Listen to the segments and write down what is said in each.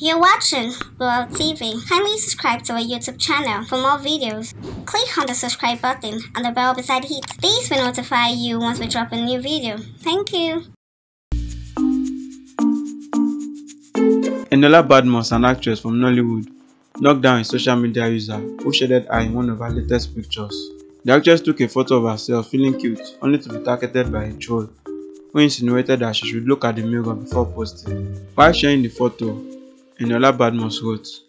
You're watching Blowout TV. Kindly subscribe to our YouTube channel for more videos. Click on the subscribe button and the bell beside it. These will notify you once we drop a new video. Thank you. Enola Badmus, an actress from Nollywood, knocked down a social media user who shaded her in one of her latest pictures. The actress took a photo of herself feeling cute only to be targeted by a troll who insinuated that she should look at the mirror before posting. While sharing the photo, Enola Badmus wrote.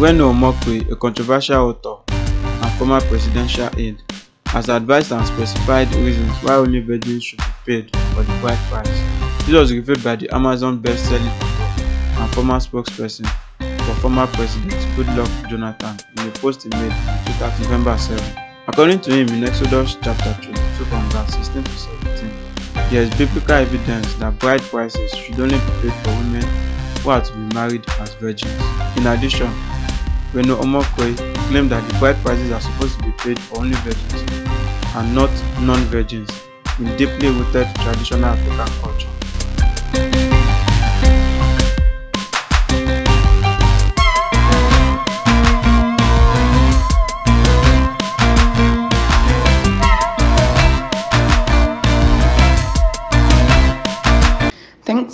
Reno Omokwe, a controversial author and former presidential aide, has advised and specified reasons why only virgins should be paid for the bride price. This was revealed by the Amazon best-selling author and former spokesperson for former President Goodluck Jonathan in a post he made on Twitter November 7. According to him in Exodus chapter 22 from verse 16 to 17, there is biblical evidence that bride prices should only be paid for women who are to be married as virgins. In addition, When Reno Omokwe claimed that the bride prices are supposed to be paid for only virgins and not non-virgins in deeply rooted traditional African culture.